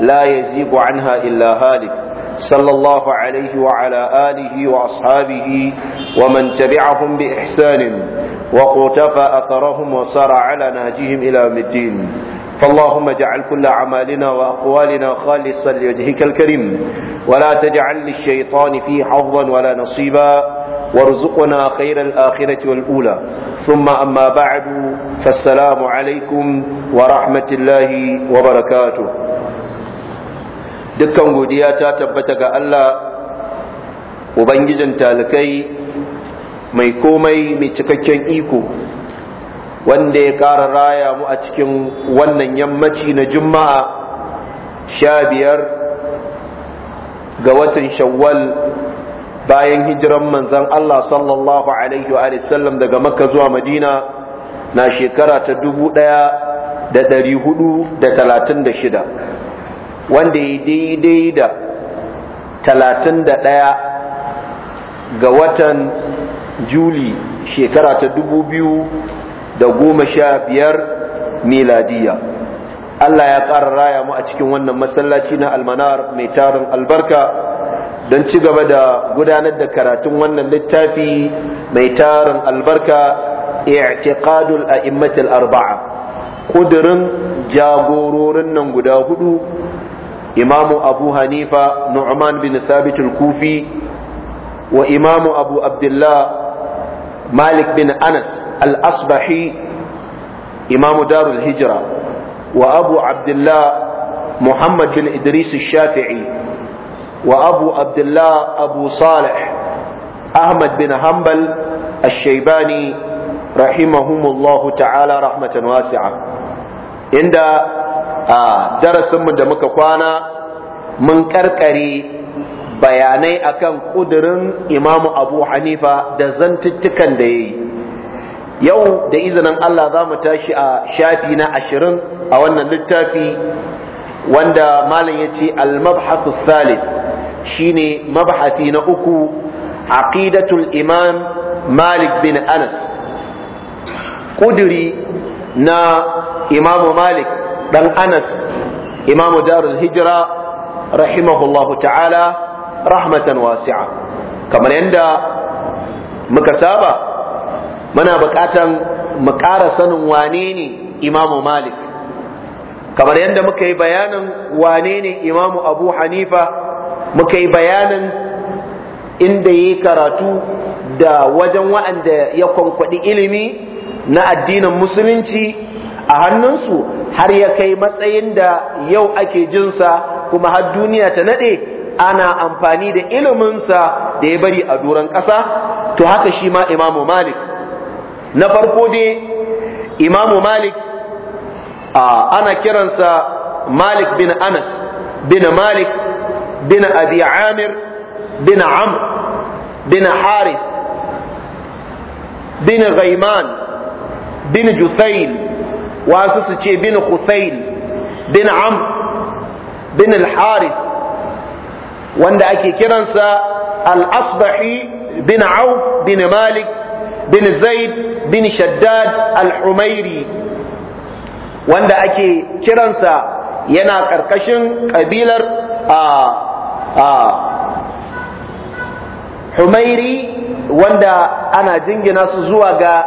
لا يزيغ عنها إلا هالك صلى الله عليه وعلى آله وأصحابه ومن تبعهم بإحسان وقتفى أثرهم وسار على نهجهم إلى الدين فاللهم اجعل كل أعمالنا وأقوالنا خالصا لوجهك الكريم ولا تجعل للشيطان فيه حظا ولا نصيبا وارزقنا خير الآخرة والأولى ثم أما بعد فالسلام عليكم ورحمة الله وبركاته dukkan godiya ta tabbata ga Allah ubangijin talikai mai komai mai cikakken iko wanda ya ƙara raya mu a cikin wannan yammaci na juma'a sha biyar ga watan shawwal bayan hijiran manzan Allah sallallahu alaihi wa sallam daga maka zuwa madina na shekara ta dubu ɗaya da ɗari hudu da talatin da shida wanda ya daidai da talatin da ɗaya ga watan juli shekara ta dubu biyu da goma sha biyar miladiya Allah ya ƙara raya mu a cikin wannan masallaci na almanar mai tarin albarka don ci gaba da gudanar da karatun wannan littafi mai tarin albarka i'tiqadul a'immatul arba'a kudirin jagororin nan guda hudu imamu abu hanifa nu'man bin thabit kufi wa imamu abu abdullah malik bin anas al-asbahi imamu darul hijra wa abu abdullah muhammad bin idris al-shafi'i wa abu abdullah abu salih ahmad bin hanbal al-shaybani rahimahumullahu ta'ala rahmatan wasi'a inda a darasinmu da muka kwana mun karkare bayanai akan kudirin imamu abu hanifa da zantuttukan da ya yi yau da izinin allah za mu tashi a shafi na ashirin a wannan littafi wanda malam ya ce al-mabhasu shi shine mabhasi na uku aqidatul imam malik bin anas kuduri na imamu malik dan Anas imamu darul hijira rahimahullahu ta'ala rahmatan wasi'a kamar yadda muka saba muna buƙatan mu ƙara sanin wane ne imamu malik kamar yadda muka yi bayanin wane ne imamu abu hanifa muka yi bayanin inda ya karatu da wajen wa'anda ya kwankwaɗi ilimi na addinin musulunci a hannunsu har ya kai matsayin da yau ake jinsa kuma har duniya ta nade ana amfani da iliminsa da ya bari a duran ƙasa to haka shi ma imamu malik na farko dai imamu malik ana kiransa malik bin anas bin malik bin abi amir bin amr bin harith bin ghaiman bin jusail wasu su ce bin Husayl bin Am bin al wanda ake kiransa al-Asbahi bin Auf bin Malik bin Zaid bin Shaddad al-Humairi wanda ake kiransa yana ƙarƙashin ƙabilar a Humairi wanda ana jingina su zuwa ga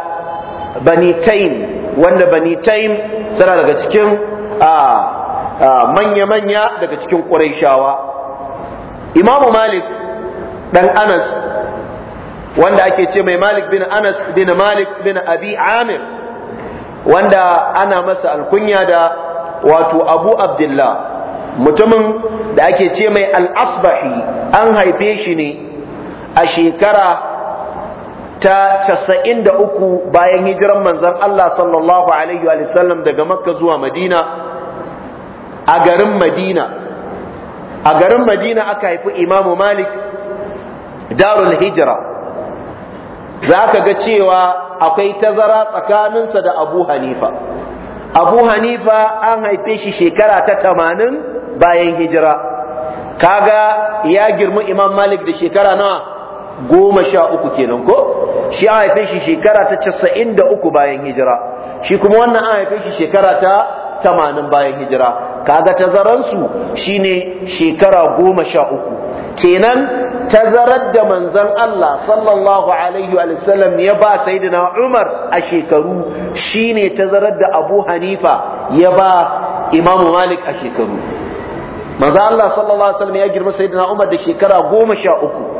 bani taim wanda bani taim suna daga cikin manya-manya daga cikin ƙuraishawa imamu malik ɗan anas wanda ake ce mai malik bin anas bin malik bin abi amir wanda ana masa alkunya da wato abu abdullah mutumin da ake ce mai al'asbahi an haife shi ne a shekara ta casa'in da uku bayan hijiran manzon Allah sallallahu alaihi wa sallam daga Makka zuwa Madina a garin Madina a garin Madina aka haifi Imam Malik darul Za zaka ga cewa akwai tazara tsakaninsa da Abu Hanifa Abu Hanifa an haife shi shekara ta tamanin bayan hijira kaga ya girma Imam Malik da shekara nawa goma sha uku kenan ko shi a haife shi shekara ta casa'in da uku bayan hijira shi kuma wannan a haife shi shekara ta tamanin bayan hijira kaga tazaransu shine shekara goma sha uku kenan tazarar da manzon Allah sallallahu alaihi wa sallam ya ba sayyidina Umar a shekaru shine tazarar da Abu Hanifa ya ba Imam Malik a shekaru manzon Allah sallallahu alaihi wa sallam ya girma sayyidina Umar da shekara goma sha uku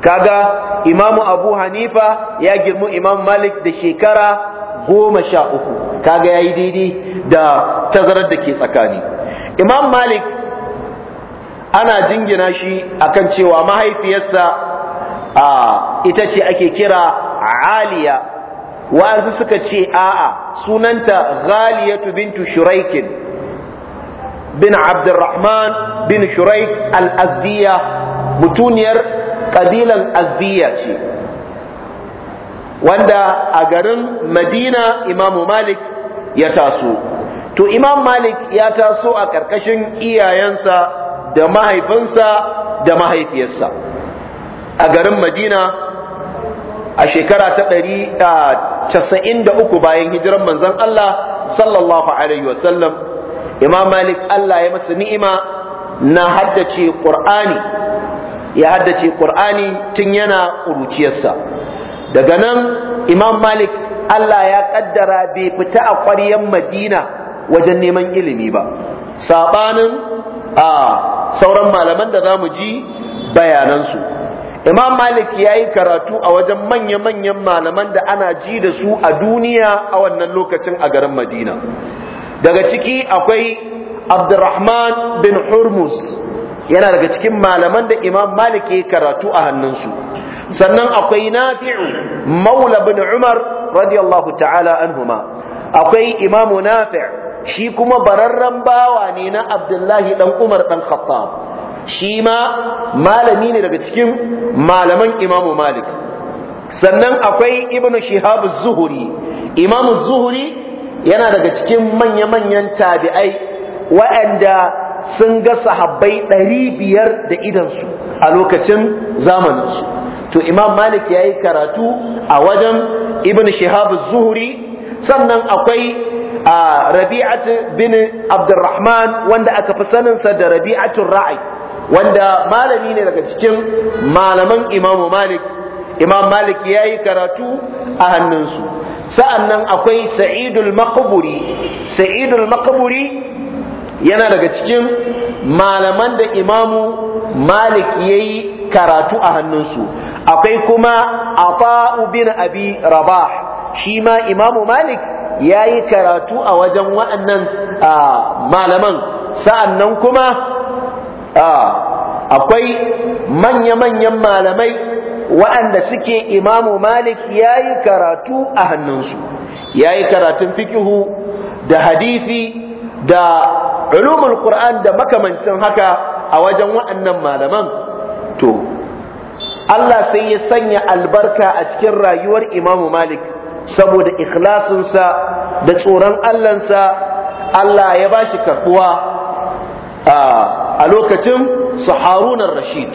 kaga imamu abu hanifa ya girmu imam malik da shekara goma sha uku kaga ya yi daidai da tazarar da ke tsakani imam malik ana jingina shi akan cewa mahaifiyarsa a ita ce ake kira aliya wa'azu suka ce a'a sunanta ghaliyatu bintu shuraikin bin abdurrahman bin shuraik al-azdiya mutuniyar ƙabilan azbiya ce wanda a garin madina imamu malik ya taso to imam malik ya taso a ƙarƙashin iyayensa da mahaifinsa da mahaifiyarsa a garin madina a shekara ta ɗari casa'in da uku bayan hijiran manzon Allah sallallahu alaihi wasallam imam malik Allah ya masa ni'ima na haddace ƙur'ani ya haddace Qur'ani tun yana ƙuruciyarsa daga nan Imam Malik Allah ya ƙaddara bai fita a ƙwaryar Madina wajen neman ilimi ba Saɓanin a sauran malaman da zamu ji bayanansu Imam Malik ya yi karatu a wajen manya-manyan malaman da ana ji da su a duniya a wannan lokacin a garin Madina daga ciki akwai Abdurrahman bin Hurmus yana daga cikin malaman da imam malik ya karatu a hannunsu sannan akwai nafi'u maula bin umar radiyallahu ta'ala anhuma akwai imamu nafi' shi kuma bararren bawa ne na abdullahi dan umar dan khattab shi ma malami ne daga cikin malaman imamu malik sannan akwai ibnu shihab Zuhri, imamu Zuhri yana daga cikin manya-manyan tabi'ai wa'anda sun ga sahabbai ɗari biyar da idansu a lokacin zamaninsu to imam malik ya yi karatu a wajen ibn shihab zuhuri sannan akwai a rabi'atu bin abdurrahman wanda aka fi saninsa da rabi'atun ra'ai wanda malami ne daga cikin malaman imamu malik imam malik ya yi karatu a hannunsu sa'annan akwai sa'idul maqburi sa'idul maqburi yana daga cikin malaman da imamu malik yayi karatu a hannunsu akwai kuma afa'u bin abi rabah shi ma imamu malik ya yi karatu a wajen waɗannan malaman sa'annan kuma akwai manya-manyan malamai waɗanda suke imamu malik ya yi karatu a hannunsu ya yi karatun fikihu da hadisi da ulumul qur'an da makamancin haka a wajen wa'annan malaman to Allah sai ya sanya albarka a cikin rayuwar Imam Malik saboda ikhlasinsa da tsoron Allahnsa Allah ya ba shi karbuwa a lokacin su Haruna Rashid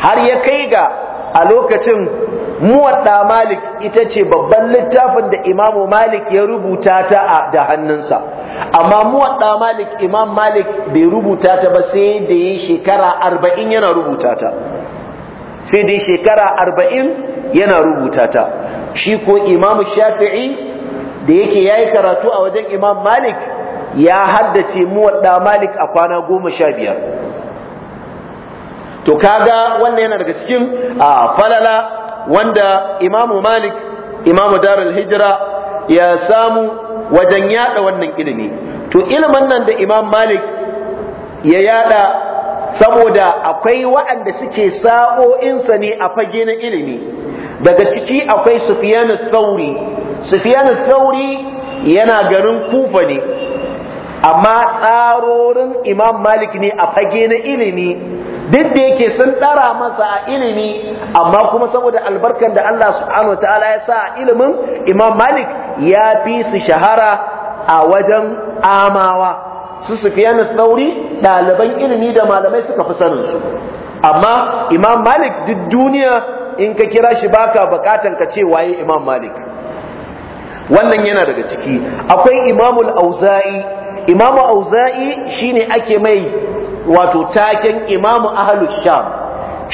har ya kai ga a lokacin muwadda malik ita ce babban littafin da imamu malik ya rubuta ta da hannunsa amma muwadda malik imam malik bai rubuta ta ba sai da ya shekara arba'in yana rubuta ta sai da ya shekara arba'in yana rubuta ta shi ko imamu shafi'i da yake ya yi karatu a wajen imam malik ya haddace muwadda malik a kwana goma sha biyar to kaga wannan yana daga cikin a falala wanda imamu malik imamu darul hijira ya samu wajen yada wannan ilimi to ilimin nan da imam malik ya yada saboda akwai waɗanda suke sa'o'insa ne a fage na ilimi daga ciki akwai sufiyanu thauri sufiyanu thauri yana garin kufa ne amma tsarorin imam malik ne a fage na ilimi duk da yake sun ɗara masa a ilimi amma kuma saboda albarkan da Allah subhanahu wa ta'ala ya sa a ilimin imam malik ya fi su shahara a wajen amawa su su na tsauri ɗaliban ilimi da malamai suka fi sanin su amma imam malik duk duniya in ka kira shi baka bukatan ka ce waye imam malik wannan yana daga ciki akwai imamul auza'i imamu auza'i shine ake mai wato taken imamu ahlus sham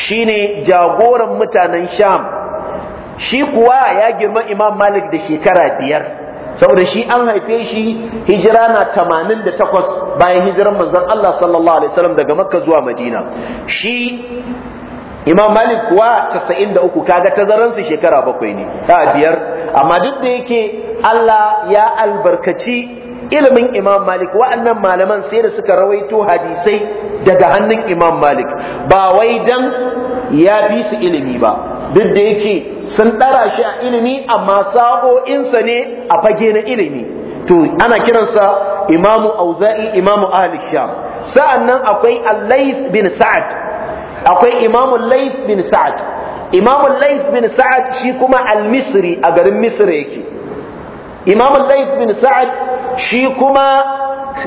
shine jagoran mutanen sham shi kuwa ya girma imam malik da shekara biyar saboda shi an haife shi hijira na tamanin bayan hijiran manzon Allah sallallahu alaihi wasallam daga makka zuwa madina shi imam malik kuwa casa'in da uku kaga tazaransu shekara bakwai ne ta biyar amma duk da yake Allah ya albarkaci ilimin imam malik wa'annan malaman sai da suka rawaito hadisai daga hannun imam malik ba wai dan ya fi su ilimi ba duk da yake sun ɗara shi a ilimi amma sa'o'insa ne a fage na ilimi to ana kiransa imamu auza'i imamu ahli sham sa'annan akwai al-layth bin sa'ad akwai imamu layth bin sa'ad imamu layth bin sa'ad shi kuma al-misri a garin misr yake imam al-layth bin sa'ad shi kuma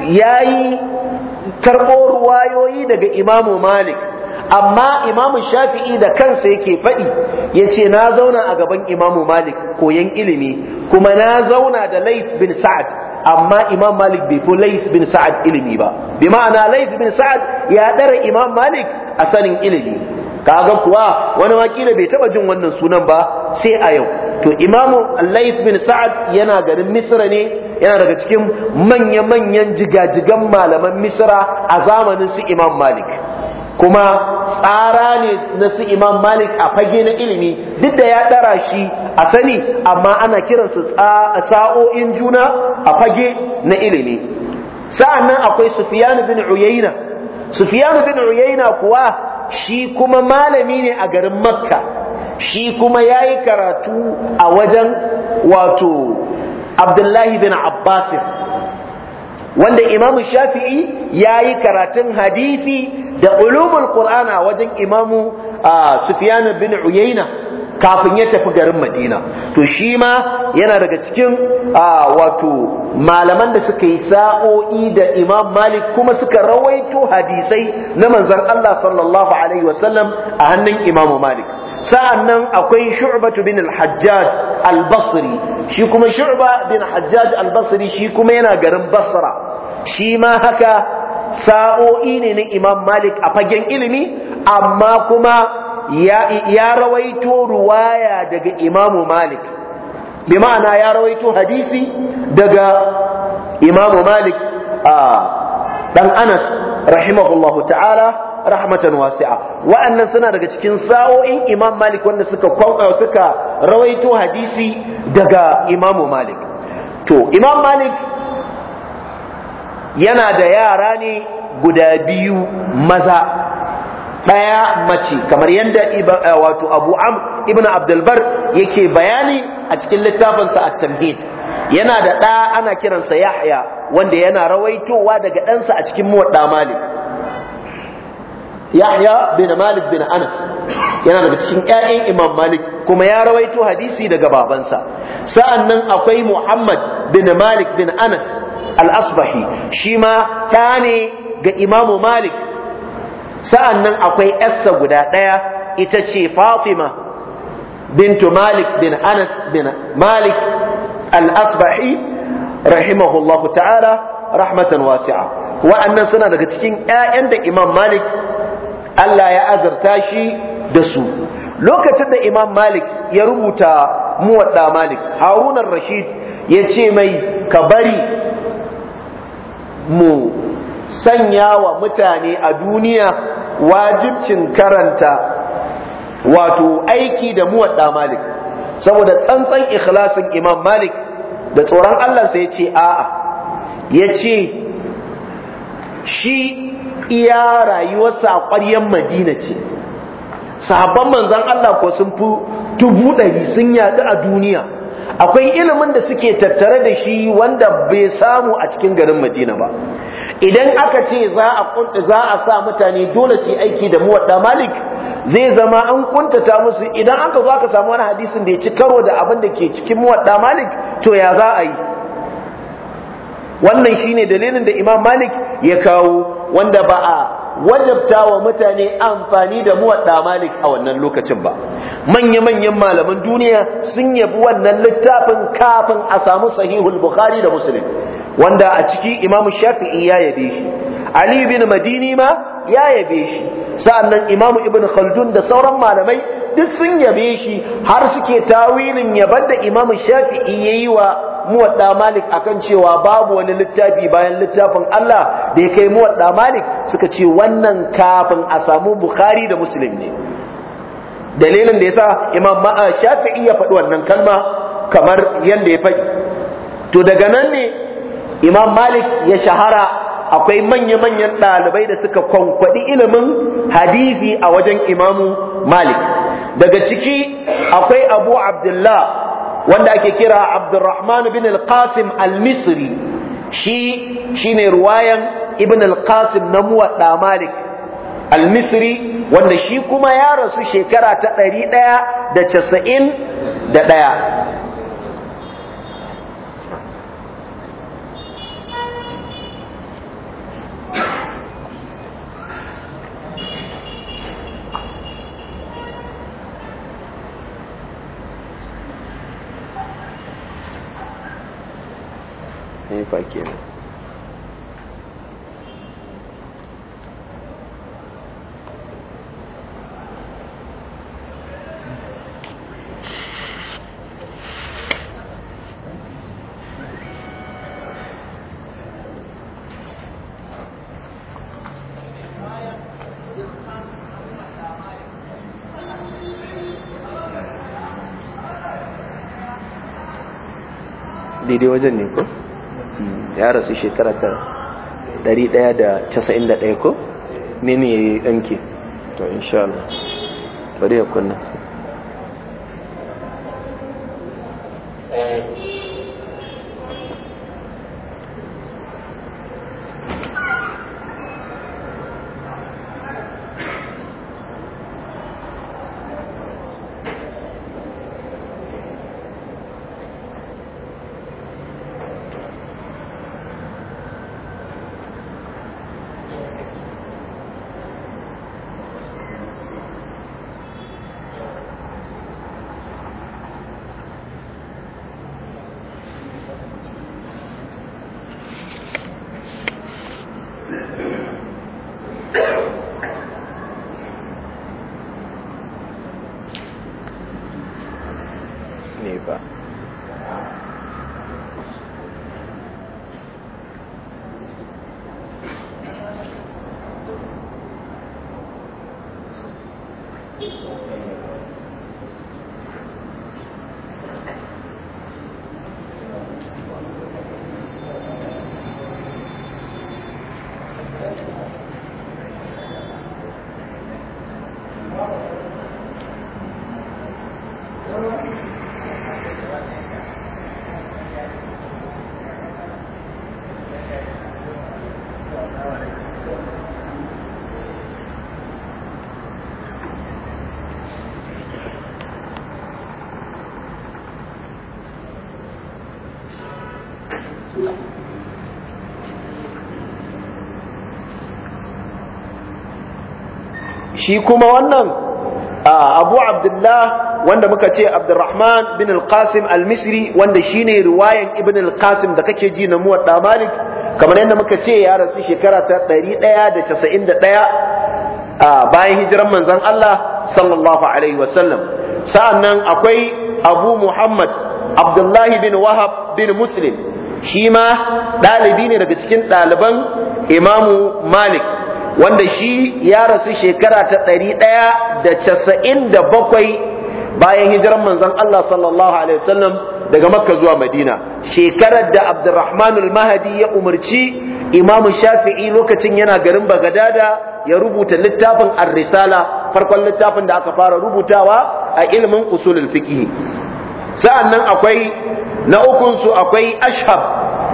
yayi karbo ruwayoyi daga imamu malik amma imamu shafi'i da kansa yake faɗi ya ce na zauna a gaban imamu malik koyan ilimi kuma na zauna da laif bin sa'ad amma imam malik bai fi laif bin sa'ad ilimi ba bi ma'ana laif bin sa'ad ya ɗara imam malik a sanin ilimi kaga kuwa wani wakili bai taɓa jin wannan sunan ba sai a yau to imamu allais bin sa'ad yana garin misra ne yana daga cikin manya-manyan jigajigan malaman misra a zamanin su imam malik kuma tsara ne na su imam malik a fage na ilimi duk da ya ɗara shi a sani amma ana kiran su sa'o'in juna a fage na ilimi sa'an nan akwai sufiyanu bin uyayna sufiyanu bin uyayna kuwa shi kuma malami ne a garin makka shi kuma ya yi karatu a wajen wato abdullahi bin abbasin wanda imamu shafi'i ya yi karatun hadisi da ulumul qur'ana wajen imamu sufyan bin uyaina kafin ya tafi garin madina to shi ma yana daga cikin wato malaman da suka yi sa'o'i da imam malik kuma suka rawaito hadisai na manzon allah sallallahu alaihi wasallam a hannun imamu malik sa'annan akwai shu'batu bin al-hajjaj al-basri shi kuma shu'ba bin hajjaj al-basri shi kuma yana garin basra shi ma haka sa'o'i ne na imam malik a fagen ilimi amma kuma ya rawaito ruwaya daga Imam malik bi ma'ana ya rawaito hadisi daga Imam malik a ɗan anas rahimahullahu ta'ala rahmatan wasi'a wa'annan suna daga cikin sa'o'in imam malik wanda suka suka rawaito hadisi daga imamu malik to imam malik yana da yara ne guda biyu maza ɗaya mace kamar yadda wato abu am ibn abdulbar yake bayani a cikin littafinsa a tamhid yana da ɗa ana kiransa Yahya wanda yana rawaitowa daga ɗansa a cikin muwadda Malik Yahya bin Malik bin Anas yana daga cikin ƴaƴan Imam Malik kuma ya rawaito hadisi daga babansa sa'annan akwai Muhammad bin Malik bin Anas al-Asbahi shi ma ta ne ga Imam Malik sa'annan akwai 'yarsa guda ɗaya ita ce Fatima bintu Malik bin Anas bin Malik al-asbahi rahimahullahu ta'ala rahmatan wasi'a wa'annan suna daga cikin yayan da Imam Malik Allah ya azarta shi da su lokacin da Imam Malik ya rubuta muwadda Malik Harunan rashid ya ce mai ka bari mu sanya wa mutane a duniya wajibcin karanta wato aiki da muwadda Malik saboda tsantsan ikhlasin imam malik da tsoron Allah sai ya ce a'a ya ce shi iya rayuwarsa a ƙwaryen madina ce sahabban manzan Allah ko sun fi dubu ɗari sun yaɗu a duniya akwai ilimin da suke tattare da shi wanda bai samu a cikin garin madina ba idan aka ce za a sa mutane dole su yi aiki da muwadda malik zai zama an kuntata musu idan aka zo aka samu wani hadisin da ya ci karo da abin da ke cikin muwadda malik to ya za a yi wannan shine dalilin da imam malik ya kawo wanda ba a wajabta wa mutane amfani da muwadda malik a wannan lokacin ba manya-manyan malaman duniya sun yabi wannan littafin kafin a samu sahihul bukhari da muslim wanda a ciki imam shafi'i ya yabe shi ali bin madini ma ya yabe shi sa'annan imamu ibn khaldun da sauran malamai duk sun yabe shi har suke tawilin yabar da imamu shafi'i yayi wa muwadda malik akan cewa babu wani littafi bayan littafin Allah da ya kai muwadda malik suka ce wannan kafin a samu bukhari da muslim ne dalilin da yasa imam ma'a eh, shafi'i ya faɗi wannan kalma kamar yanda ya faɗi to daga nan ne imam malik ya shahara akwai manya-manyan ɗalibai da suka kwankwaɗi ilimin hadisi a wajen imamu malik daga ciki akwai abu abdullah wanda ake kira abdurrahman bin al-qasim al-misri shi shine ruwayan ibn al-qasim na muwaɗa malik al-misri wanda shi kuma ya rasu shekara ta ɗari ɗaya da casa'in da ɗaya hanifa kenan daidai wajen ne ko? ya rasu shekara ta 191 ko mini ya yi ɗanke to insha Allah bari ya kunna shi kuma wannan abu abdullah wanda muka ce abdurrahman bin al-qasim al-misri wanda shine riwayan ibn al-qasim da kake ji na muwadda malik kamar yadda muka ce ya rasu shekara ta 191 a bayan hijiran manzon Allah sallallahu alaihi wasallam sa'annan akwai abu muhammad abdullahi bin wahab bin muslim shi ma ɗalibi ne daga cikin ɗaliban imamu malik wanda shi ya rasu shekara ta ɗari ɗaya da casa'in da bakwai bayan hijiran manzon Allah sallallahu alaihi wasallam daga makka zuwa madina shekarar da abdurrahman Lmahadi mahadi ya umarci imamu shafi'i lokacin yana garin bagadada ya rubuta littafin ar-risala farkon littafin da aka fara rubutawa a ilimin usulul fiqh sa'annan akwai na ukun su akwai ashab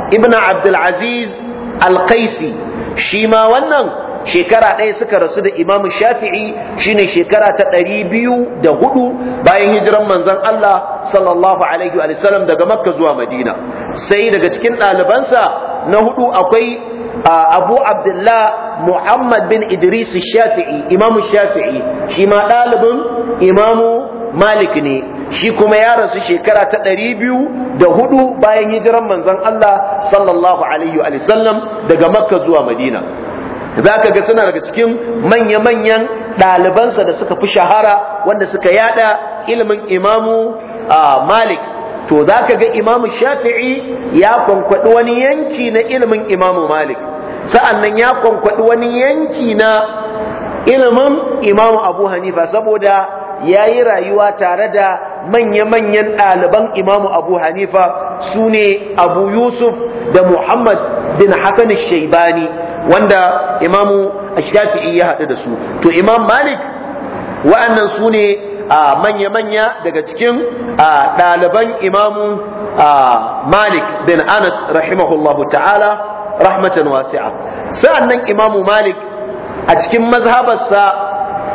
ibnu abdul aziz al-qaisi shi ma wannan shekara ɗaya suka rasu da imamu shafi'i shine shekara ta ɗari biyu da hudu bayan hijiran manzon Allah sallallahu alaihi wa sallam daga makka zuwa madina sai daga cikin ɗalibansa na hudu akwai abu abdullah muhammad bin idris shafi'i imamu shafi'i shi ma ɗalibin imamu Malik ne shi kuma ya rasu shekara ta ɗari biyu da hudu bayan hijiran manzon Allah sallallahu alaihi wa sallam daga Makka zuwa Madina za ka ga suna daga cikin manya-manyan ɗalibansa da suka fi shahara wanda suka yada ilimin imamu malik to za ka ga imamu shafi'i ya kwankwaɗi wani yanki na ilimin imamu malik sa'annan ya kwankwaɗi wani yanki na ilimin imamu abu hanifa saboda ya yi rayuwa tare da manya-manyan ɗaliban imamu abu hanifa su ne abu yusuf da muhammad bin hasan shaibani wanda imamu shafi'i ya haɗu da su to imam malik wa'annan su ne manya-manya daga cikin ɗaliban imamu malik bin anas rahimahullahu ta'ala rahmatan wasi'a Sa'annan imamu malik a cikin mazhabarsa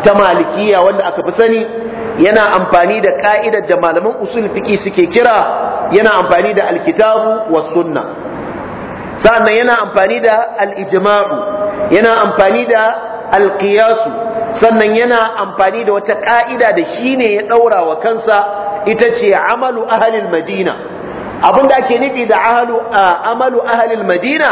ta malikiya wanda aka fi sani yana amfani da ka'idar da malaman usul fiqi suke kira yana amfani da alkitabu was sunna sa'annan yana amfani da al-ijma'u yana amfani da al-qiyasu sannan yana amfani da wata ka'ida da shine ya daura wa kansa ita ce amalu ahlil madina abinda ake nufi da ahlu amalu ahlil madina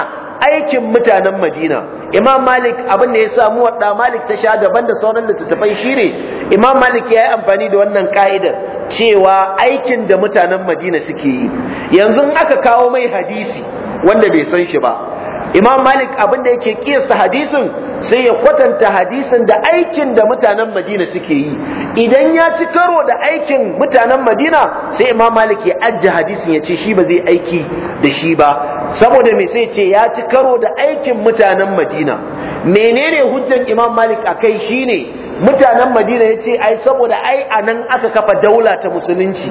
aikin mutanen madina imam malik abin da ya samu wadda malik ta sha daban da sauran littattafai shine imam malik ya yi amfani da wannan ka'idar cewa aikin da mutanen madina suke yi yanzu aka kawo mai hadisi wanda bai san shi ba imam malik abin da yake kiyasta hadisin sai ya kwatanta hadisin da aikin da mutanen madina suke yi idan ya ci karo da aikin mutanen madina sai imam malik ya ajiye hadisin ya ce shi ba zai aiki da shi ba saboda mai sai ce ya ci karo da aikin mutanen madina menene hujjan imam malik akai shine mutanen madina ya ce ai saboda ai a nan aka kafa daula ta musulunci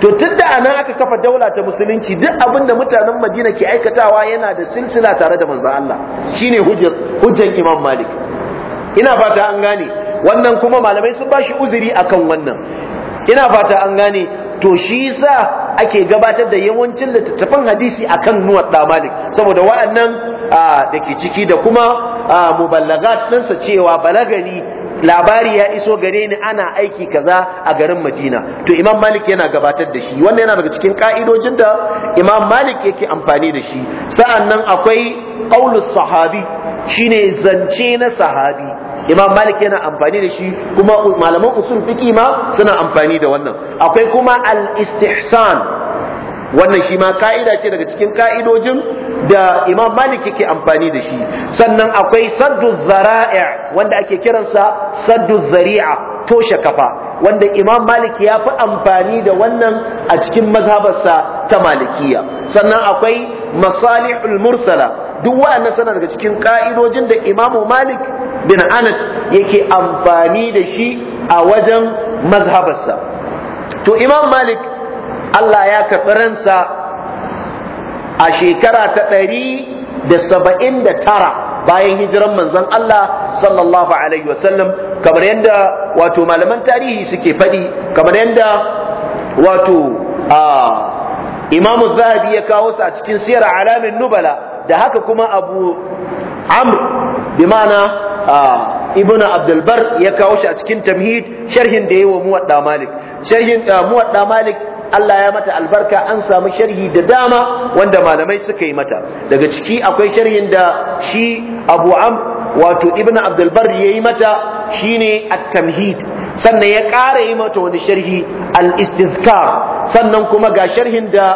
to tun da a nan aka kafa daula ta musulunci duk abin da mutanen madina ke aikatawa yana da silsila tare da manzo Allah shine hujjar imam malik ina fata an gane wannan kuma malamai sun bashi uzuri akan wannan ina fata an gane to shi yasa ake gabatar da yawancin littattafan hadisi akan da malik saboda wa'annan ah, da ke ciki da kuma ah, muballagaat ɗinsa cewa balagari labari ya iso gare ni ana aiki kaza a garin Madina to Imam Malik yana gabatar da shi wannan yana daga cikin ka'idojin da Imam Malik yake amfani da shi sa'annan akwai qaulus sahabi shine zance na sahabi Imam Malik yana amfani da shi kuma malaman usul fiqi ma suna amfani da wannan akwai kuma al-istihsan wannan shi ma ka'ida ce daga cikin ka'idojin da imam malik yake amfani da shi sannan akwai saddu zara'i wanda ake kiransa saddu zari'a toshe kafa wanda imam malik ya fi amfani da wannan a cikin mazhabarsa ta malikiya sannan akwai masalihul mursala duk wa'annan suna daga cikin ka'idojin da imamu malik bin anas yake amfani da shi a wajen mazhabarsa to imam malik Allah ya karɓi ransa a shekara ta ɗari da saba'in da tara bayan hijiran manzon Allah sallallahu alaihi wasallam kamar yadda wato malaman tarihi suke faɗi kamar yadda wato a imamu zahabi ya kawo su a cikin siyar alamin nubala da haka kuma abu amr bi mana abdulbar ya kawo shi a cikin tamhid sharhin da yayi wa muwadda malik sharhin muwadda malik Allah ya mata albarka an samu sharhi da dama wanda malamai suka yi mata daga ciki akwai sharhin da shi Abu Am wato Ibn Abdul Barr yayi mata shine at-tamhid sannan ya ƙara yi mata wani sharhi al-istizkar sannan kuma ga sharhin da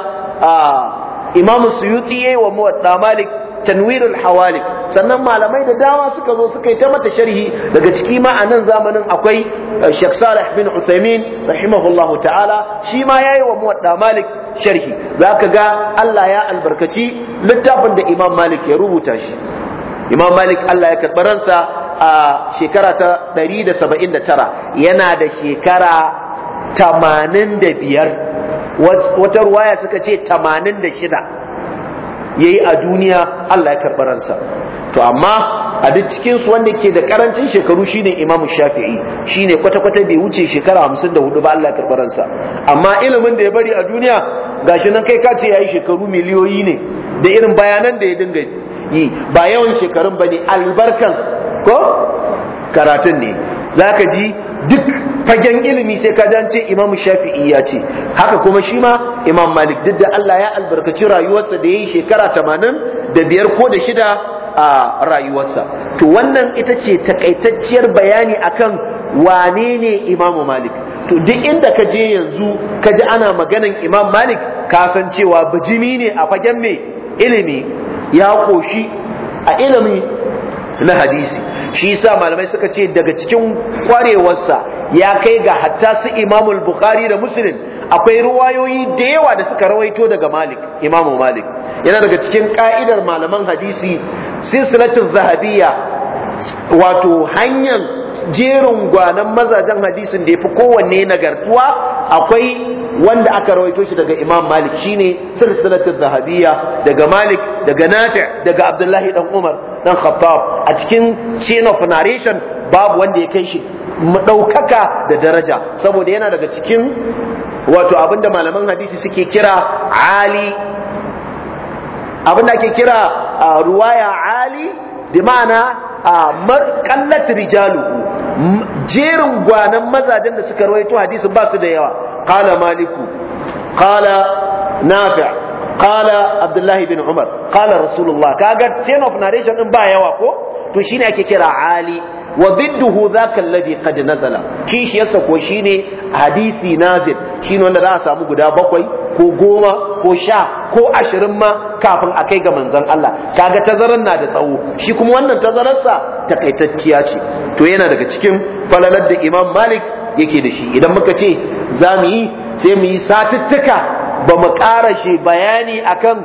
ah, Imam Suyuti yayi wa Muwatta Malik tanwirul hawali sannan malamai da dawa suka zo suka yi ta mata sharhi daga ciki ma a nan zamanin akwai eh, Sheikh Salih bin Uthaymeen rahimahullahu ta'ala shi ma yayi wa Muwadda Malik sharhi zaka ga Allah ya albarkaci littafin da Imam Malik ya rubuta shi Imam Malik Allah ya karbar ransa a shekara ta 179 yana da shekara 85 wata ruwaya suka ce 86 yayi a duniya Allah ya karɓi ransa to amma a duk cikin su wanda ke da karancin shekaru shine Imam Shafi'i shine kwata kwata bai wuce shekara 54 ba Allah ya karɓi ransa amma ilimin da ya bari a duniya gashi nan kai ka ya yi shekaru miliyoyi ne da irin bayanan da ya dinga yi ba yawan shekarun bane albarkan ko karatun ne zaka ji duk fagen ilimi sai ka dan imam shafi'i ya ce haka kuma shi ma imam malik duk da Allah ya albarkaci rayuwarsa da ya yi shekara tamanin da biyar ko da shida a rayuwarsa to wannan ita ce takaitacciyar bayani akan wane ne Imam malik to duk inda ka je yanzu ka ji ana maganan imam malik ka san cewa bijimi ne a fagen me ilimi ya koshi a ilimi na hadisi shi yasa malamai suka ce daga cikin kwarewarsa ya kai ga hatta su Imam Bukhari da Muslim akwai ruwayoyi da yawa da suka rawaito daga Malik Imam Malik yana daga cikin ka'idar malaman hadisi silsilatul zahabiyya wato hanyar jerin gwanan mazajen hadisin da yafi kowanne nagartuwa akwai wanda aka rawaito shi daga Imam Malik shine silsilatul zahabiyya daga Malik daga Nafi' daga Abdullahi dan Umar dan Khattab a cikin chain of narration babu wanda ya kai shi ɗaukaka da daraja saboda yana daga cikin wato abinda malaman hadisi suke kira ali abinda ake kira ruwaya ali bi ma'ana kallat Rijalu, jerin gwanan mazajen da suka rawaito hadisi ba su da yawa qala maliku qala nafi' qala abdullahi bin umar qala rasulullah kaga chain of narration din ba yawa ko to shine ake kira ali wa bidduhu dhaka alladhi qad nazala kishi yasa ko shine hadisi nazil shine wanda za a samu guda bakwai ko goma ko sha ko ashirin ma kafin a kai ga manzon Allah kaga tazarar na da tsawo shi kuma wannan tazararsa takaitacciya ce to yana daga cikin falalar da Imam Malik yake da shi idan muka ce za mu yi sai mu yi satuttuka ba mu ƙarashe bayani akan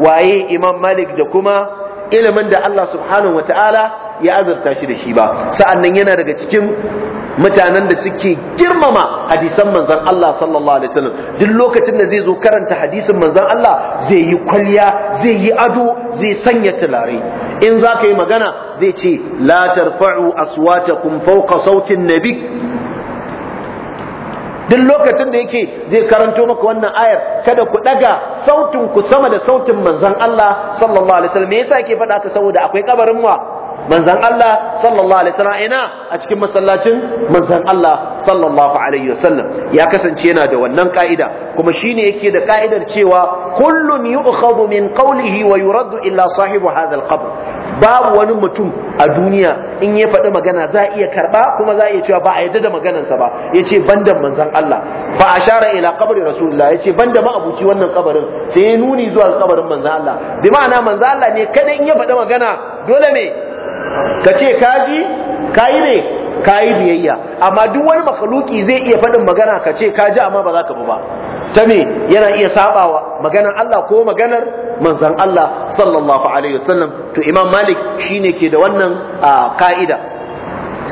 waye imam malik da kuma ilimin da Allah subhanahu wa ta'ala ya azurta shi da shi ba sa'annan yana daga cikin mutanen da suke girmama hadisan manzan Allah sallallahu alaihi wasallam duk lokacin da zai zo karanta hadisin manzan Allah zai yi kwalliya zai yi ado zai sanya tulare in za ka yi magana zai ce la tarfa'u aswatakum fawqa sautin nabi duk lokacin da yake zai karanto maka wannan ayar kada ku daga sautin ku sama da sautin manzon Allah sallallahu alaihi wasallam me yasa yake faɗa ka saboda akwai kabarin wa manzon Allah sallallahu alaihi wasallam ina a cikin masallacin manzon Allah sallallahu alaihi wasallam ya kasance yana da wannan ka'ida kuma shine yake da ka'idar cewa kullun yu'khadhu min qawlihi wa yuraddu illa sahibu hadha al-qabr babu wani mutum a duniya in ya faɗi magana za a iya karɓa kuma za a iya cewa ba a yarda da maganarsa ba ya ce banda manzan Allah Ba a shara ila kabarin rasulullah ya ce banda ma abuci wannan kabarin sai ya nuni zuwa kabarin manzan Allah bi ma'ana manzan Allah ne kada in ya faɗi magana dole ne ka ce ka ji ka yi ne ka yi biyayya amma duk wani makaluki zai iya faɗin magana ka ce ka ji amma ba za ka bi ba ta me yana iya sabawa maganar Allah ko maganar manzan Allah sallallahu alaihi wasallam to imam malik shi ne ke da wannan ah, ka'ida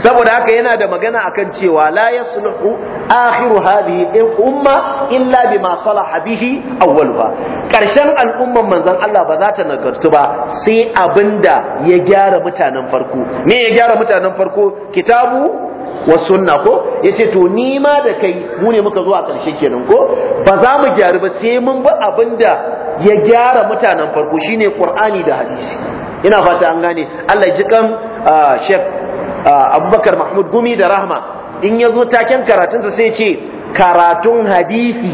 saboda haka yana da magana akan cewa la yasluhu akhiru hadhihi umma illa bima salaha bihi awwaluha karshen al'umman manzon Allah ba za ta nagartu ba sai abinda ya gyara mutanen farko me ya gyara mutanen farko kitabu wa sunna ko yace to ni ma da kai mu ne muka zo a karshe kenan ko ba za mu gyaru ba sai mun bi abinda ya gyara mutanen farko shine qur'ani da hadisi ina fata an gane Allah ji kan ah, shek abubakar mahmud gumi da rahma in ya zo taken karatunsa sai ce karatun hadisi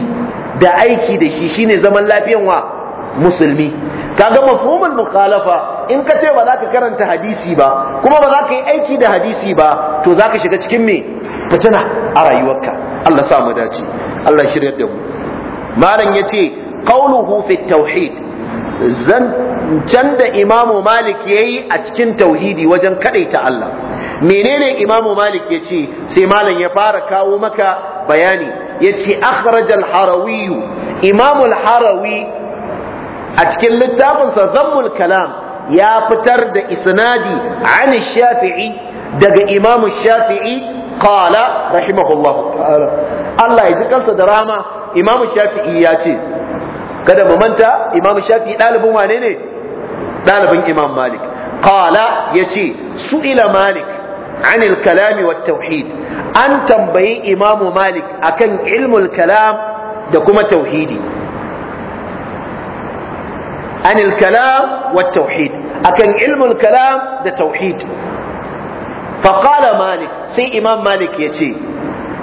da aiki da shi shine zaman lafiyan wa musulmi kaga mafhumul mukhalafa in ka ce ba za ka karanta hadisi ba kuma ba za ka yi aiki da hadisi ba to za ka shiga cikin me fitina a rayuwarka Allah sa mu dace Allah shiryar da mu malam yace qawluhu fi tauhid zan can da imamu malik yayi a cikin tauhidi wajen kadaita Allah menene imamu malik ya ce sai malam ya fara kawo maka bayani ya ce akhrajal harawiyu imamul harawi a cikin littafinsa zammul kalam ya fitar da isnadi an shafi'i daga imamu shafi'i qala rahimahullahu ta'ala Allah ya ji kansa da rama imamu shafi'i ya ce kada mu manta imamu shafi'i ɗalibin wane ne ɗalibin imam malik qala su ila malik عن الكلام والتوحيد أن تنبهي إمام مالك أكن علم الكلام دكما توحيدي عن الكلام والتوحيد أكن علم الكلام ده توحيد فقال مالك سي إمام مالك يتي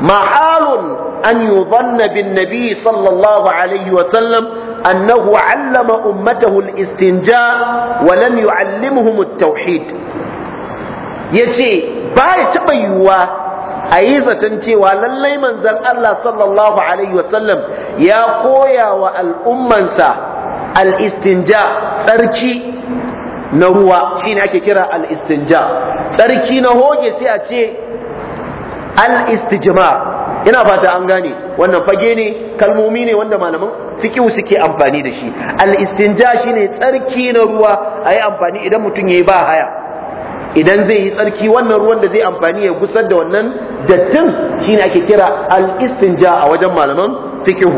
محال أن يظن بالنبي صلى الله عليه وسلم أنه علم أمته الاستنجاء ولم يعلمهم التوحيد ya ce ba ya taɓa yiwuwa a yi zaton cewa lallai manzan Allah sallallahu alaihi wasallam ya koya wa al'ummansa al'istinja tsarki na ruwa shi ne ake kira al'istinja tsarki na hoge sai a ce al'istijmar ina fata an gane wannan fage ne kalmomi ne wanda malaman fikihu suke amfani da shi al shi shine tsarki na ruwa a yi amfani idan mutum ya yi ba haya idan zai yi tsarki wannan ruwan da zai amfani ya gusar da wannan dattin shine ake kira al-istinja a wajen malaman fiqhu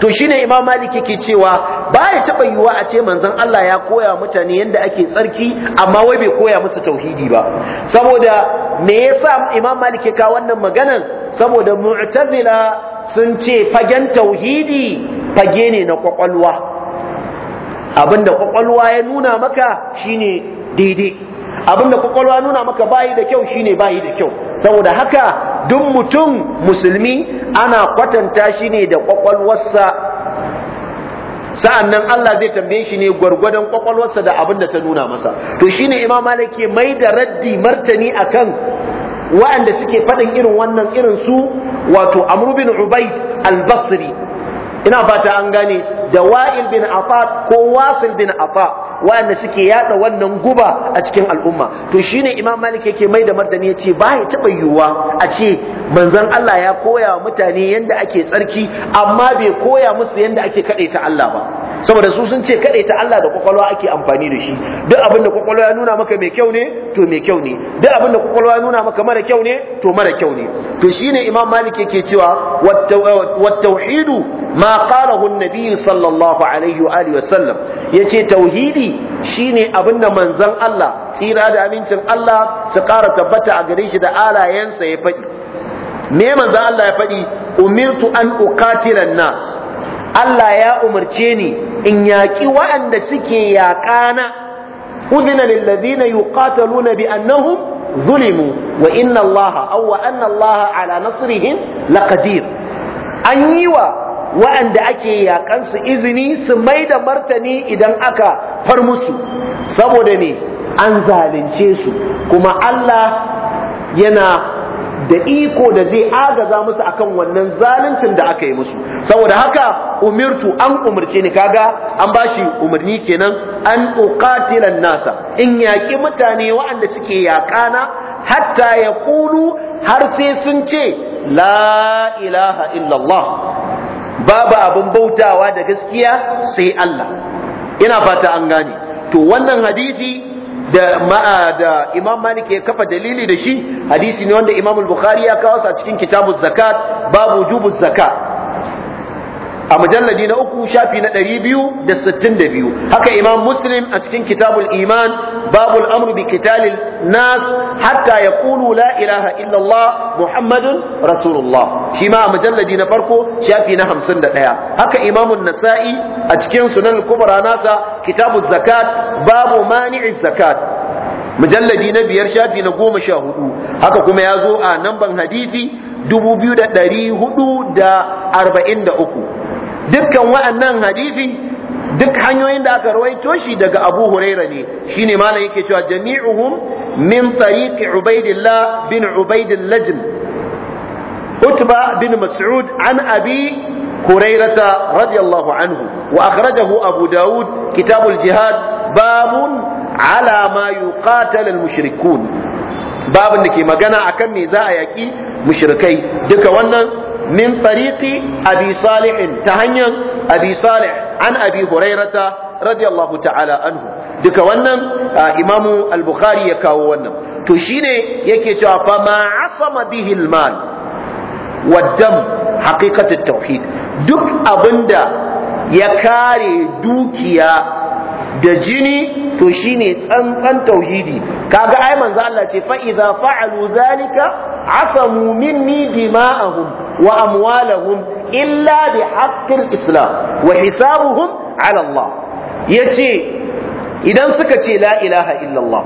to shine imam Maliki ke cewa baya taba yiwa a ce manzon Allah ya koya mutane yanda ake tsarki amma wai bai koya musu tauhidi ba saboda me yasa imam Maliki ka wannan maganan saboda mu'tazila sun ce fagen tauhidi fage ne na kwakwalwa abinda kwakwalwa ya nuna maka shine daidai abinda kwakwalwa nuna maka bayi da kyau shine bayi da kyau saboda haka duk mutum musulmi ana kwatanta shi ne da kwakwalwarsa sa'an nan Allah zai tambaye shi ne gwargwadon kwakwalwarsa da abin da ta nuna masa to shine imam malik ke mai da raddi martani akan wa'anda suke faɗin irin wannan irin su wato amru bin ubaid al-basri ina fata an gane da bin afa ko wasil bin afa wanda suke yada wannan guba a cikin al'umma to shine imam malik yake mai da martani yace ba ya taba yiwuwa a ce manzon Allah ya koya wa mutane yanda ake tsarki amma bai koya musu yanda ake kadaita Allah ba saboda su sun ce kaɗai ta Allah da kwakwalwa ake amfani da shi duk abin da kwakwalwa ya nuna maka mai kyau ne to mai kyau ne duk abin da kwakwalwa ya nuna maka mara kyau ne to mara kyau ne to shine imam malik yake cewa wat tauhidu ma qalahu an sallallahu alaihi wa alihi wasallam yace tauhidi shine abin da manzon Allah tsira da amincin Allah su ƙara tabbata a gare shi da alayensa ya faɗi me manzon Allah ya faɗi umirtu an uqatila nas Allah ya umarce ni in yaƙi waɗanda suke yaƙana udina lillazina yuqataluna bi annahum zulimu wa inna Allah aw wa anna Allah ala nasrihim laqadir an yi wa waɗanda ake yaƙan su izini su mai da martani idan aka far musu saboda ne an zalunce su kuma Allah yana da iko da zai agaza musu akan wannan zaluncin da aka yi musu saboda haka umirtu an umarce ni kaga an bashi umarni kenan an uqatilan nasa in yaki mutane waɗanda suke yakana hatta ya kulu, har sai sun ce la ilaha illallah babu abin bautawa da gaskiya sai Allah ina fata an gane to wannan hadisi da ma'a da Imam Malik ya kafa dalili da shi hadisi ne wanda Imam Bukhari ya kawo sa cikin kitabuz zakat babu wujubuz zakat a mujalladi na uku shafi na ɗari biyu da sittin da biyu haka imam muslim a cikin kitabul iman babul amru bi kitalin nas hatta ya kulu la ilaha illallah muhammadun rasulullah shi ma a mujalladi na farko shafi na hamsin da ɗaya haka imamun nasa'i a cikin sunan kubra nasa kitabu zakat babu mani'i zakat mujalladi na biyar shafi na goma sha hudu haka kuma ya zo a namban hadithi dubu biyu da ɗari hudu da arba'in da uku dukkan waɗannan hadisi duk hanyoyin da aka rawaito shi daga Abu Huraira ne shine malam yake cewa jami'uhum min tariq Ubaidillah bin Ubaidil Lajm Utba bin Mas'ud an Abi Hurairata radiyallahu anhu wa akhrajahu Abu Dawud kitabul jihad babun ala ma yuqatal al mushrikun babun da ke magana akan me za a yaki mushrikai duka wannan min tariqi abi salih ta hanyar abi salih an abi hurairata radiyallahu ta'ala anhu duka wannan imamu al ya kawo wannan to shine yake cewa fa ma asama bihi al-mal waddam haqiqatu tauhid duk abinda ya kare dukiya da jini to shine tsantsan tauhidi kaga ai manzo Allah ce fa idza fa'alu zalika asamu minni dima'ahum wa amwalahum illa bi haqqil islam wa hisabuhum ala Allah yace idan suka ce la ilaha illallah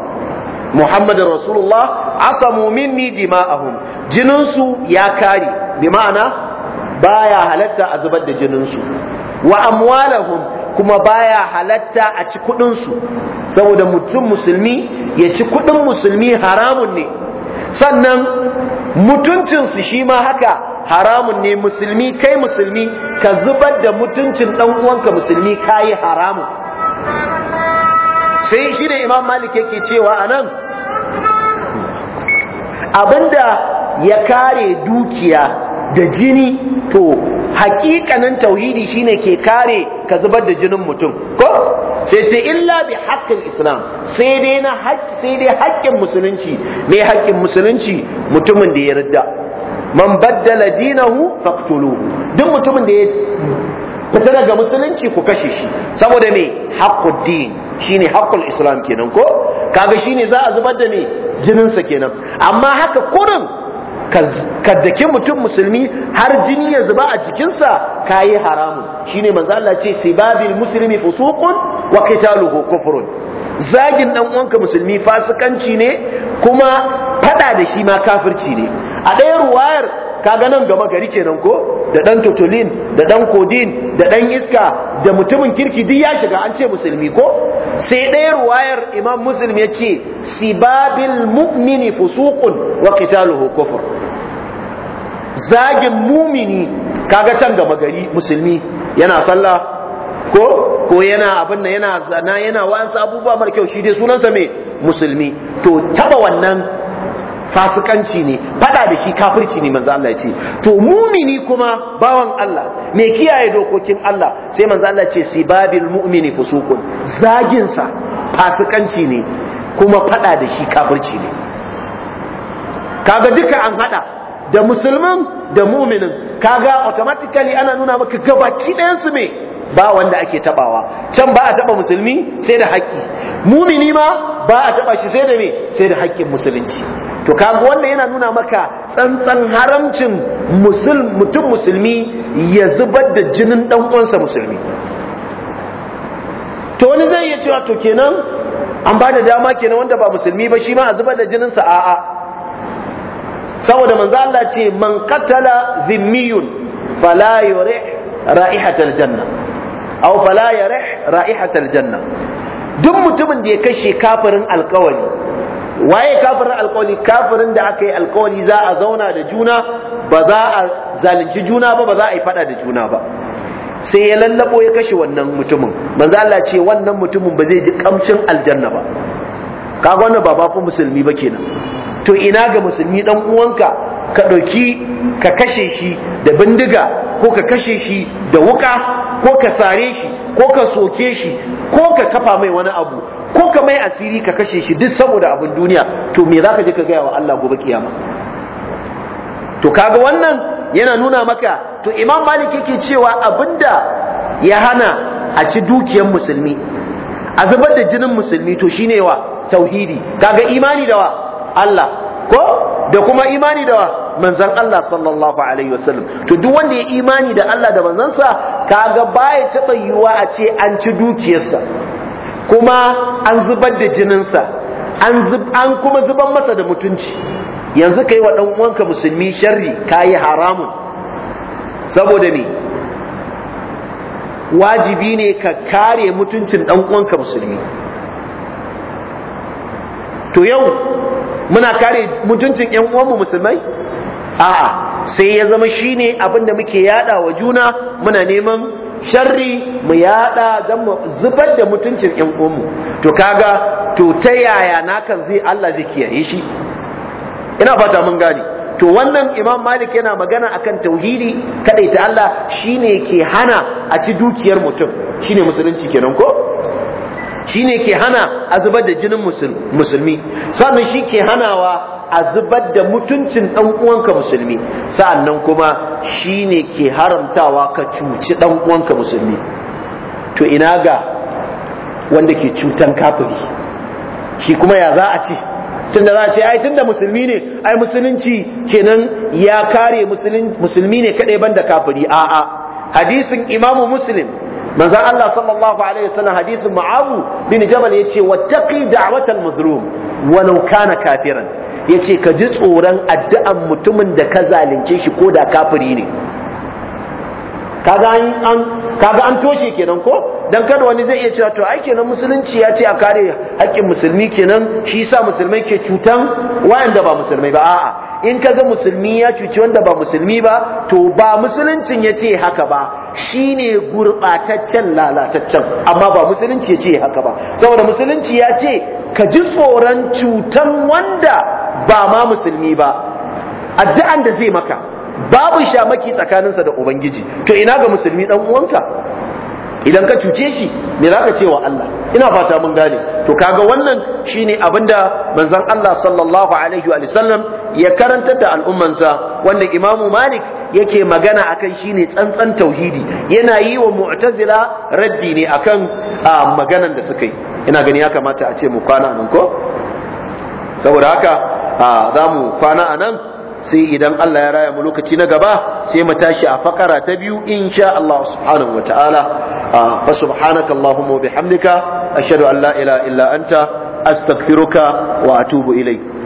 muhammadin rasulullah asamu minni dima'ahum jininsu ya kare bi ma'ana baya halatta a zubar da jininsu wa amwalahum kuma baya halatta a ci kuɗinsu saboda mutum musulmi ya ci kuɗin musulmi haramun ne sannan mutuncinsu shi ma haka haramun ne musulmi kai musulmi ka zubar da mutuncin ɗan uwanka musulmi kayi haramun sai shi ne imam malik yake cewa anan nan abinda ya kare dukiya da jini to hakikanin tauhidi shine ke kare ka zubar da jinin mutum ko sai ce illa bi haƙƙin islam sai dai na sai dai haƙƙin musulunci mai haƙƙin musulunci mutumin da ya ridda man baddala dinahu faqtuluhu duk mutumin da ya fita daga musulunci ku kashe shi saboda me haqqud din shine haqqul islam kenan ko kaga shine za a zubar da me jininsa kenan amma haka kurin ka mutum musulmi har jini ya zuba a jikinsa kayi haramun shine manzo Allah ce sibabil muslimi fusuqun wa qitaluhu kufrun zagin dan uwanka musulmi fasikanci ne kuma fada da shi ma kafirci ne a ɗayan ruwayar kaga nan gama gari kenan ko da dan totolin da dan kodin da dan iska da mutumin kirki duk ya shiga an ce musulmi ko sai ɗaya ruwayar imam muslim ya ce sibabil mu'mini fusuqun wa qitaluhu kufur zagin mumini kaga can gama gari musulmi yana sallah ko ko yana abin nan yana zana yana wa'ansu abubuwa mara kyau shi dai sunansa me musulmi to taba wannan fasikanci ne fada da shi kafirci ne manzo Allah ya ce to mumini kuma bawan Allah mai kiyaye dokokin Allah sai manzo Allah ya ce sibabil mu'mini fusukun zagin sa fasikanci ne kuma fada da shi kafirci ne kaga duka an hada da musulmin da mu'minin kaga automatically ana nuna maka gabaki ɗayan su me ba wanda ake tabawa can ba a taba musulmi sai da haƙƙi mumini ma ba a taba shi sai da me sai da haƙƙin musulunci to kaga wannan yana nuna maka tsantsan haramcin mutum musulmi ya zubar da jinin dan uwansa musulmi to wani zai iya cewa to kenan an ba da dama kenan wanda ba musulmi ba shi ma a zubar da jininsa a'a saboda manzo Allah ce man qatala zimmiyun fala yurih ra'ihatal janna aw fala yarih ra'ihatal janna duk mutumin da ya kashe kafirin alkawari waye kafirin alkawali kafirin da aka yi alkawali za a zauna da juna ba za a zalunci juna ba ba za a yi faɗa da juna ba sai ya lallaɓo ya kashe wannan mutumin manzo Allah ce wannan mutumin ba zai ji kamcin aljanna ba kaga wannan ba babu musulmi ba kenan to ina ga musulmi dan uwanka ka ɗauki ka kashe shi da bindiga ko ka kashe shi da wuka ko ka sare shi ko ka soke shi ko ka kafa mai wani abu ko ka mai asiri ka kashe shi duk saboda abin duniya to me zaka je ka gaya wa Allah gobe kiyama to kaga wannan yana nuna maka to imam malik yake cewa abinda ya hana a ci dukiyar musulmi a zubar da jinin musulmi to shine wa tauhidi kaga imani da wa Allah ko da kuma imani da wa manzan Allah sallallahu alaihi wasallam to duk wanda ya imani da Allah da manzansa kaga baya taɓa yiwuwa a ce an ci dukiyarsa kuma an zubar da jininsa an kuma zubar masa da mutunci yanzu ka yi wa ɗan uwanka musulmi sharri kayi haramun saboda ne wajibi ne ka kare mutuncin ɗan'uwanka musulmi to yau muna kare mutuncin ƴan musulmai a'a sai ya zama shine abin da muke yada wa juna muna neman sharri mu yada dan mu zubar da mutuncin ƴan uwanmu to kaga to ta yaya nakan zai Allah zai kiyaye shi ina fata mun gani. to wannan Imam Malik yana magana akan tauhidi ta Allah shine ke hana a ci dukiyar mutum shine musulunci kenan ko shine ke hana a zubar da jinin musulmi sannan shi ke hanawa a zubar da mutuncin dan uwanka musulmi sannan kuma shine ke haramtawa ka cuci dan uwanka musulmi to ina ga wanda ke cutan kafiri shi kuma ya za a ce tunda za a ce ai tunda musulmi ne ai musulunci kenan ya kare musulmi ne kadai banda kafiri a'a hadisin imamu muslim manzon Allah sallallahu alaihi wasallam hadithin Mu'awu bin Jabal yace wattaqi da'watal mazlum walau kana kafiran yace ka ji tsoron addu'an mutumin da ka zalunce shi ko da kafiri ne kaga an an toshe kenan ko dan kada wani zai iya cewa to ai kenan musulunci ya ce a kare haƙƙin musulmi kenan shi yasa musulmai ke cutan wayanda ba musulmai ba a'a in kaga musulmi ya cuci wanda ba musulmi ba to ba musuluncin ya ce haka ba shine gurbataccen lalataccen amma ba musulunci ya ce haka ba saboda musulunci ya ce ka ji tsoron cutan wanda ba ma musulmi ba addu'an da zai maka babu shamaki tsakaninsa da ubangiji to ina ga musulmi dan uwanka idan ka cuce shi me za ka ce wa Allah ina fata mun gane to kaga wannan shine abinda manzon Allah sallallahu alaihi wa sallam ya karantar da al'ummansa wanda imamu malik yake magana akan shine tsantsan tauhidi yana yi wa mu'tazila raddi ne akan maganan da suka yi ina gani ya kamata a ce mu kwana nan ko saboda haka za mu kwana a nan sai idan Allah ya raya mu lokaci na gaba sai mu tashi a fakara ta biyu insha Allah subhanahu wa ta'ala fa subhanaka allahumma wa bihamdika ashhadu an la ilaha illa anta astaghfiruka wa atubu ilayk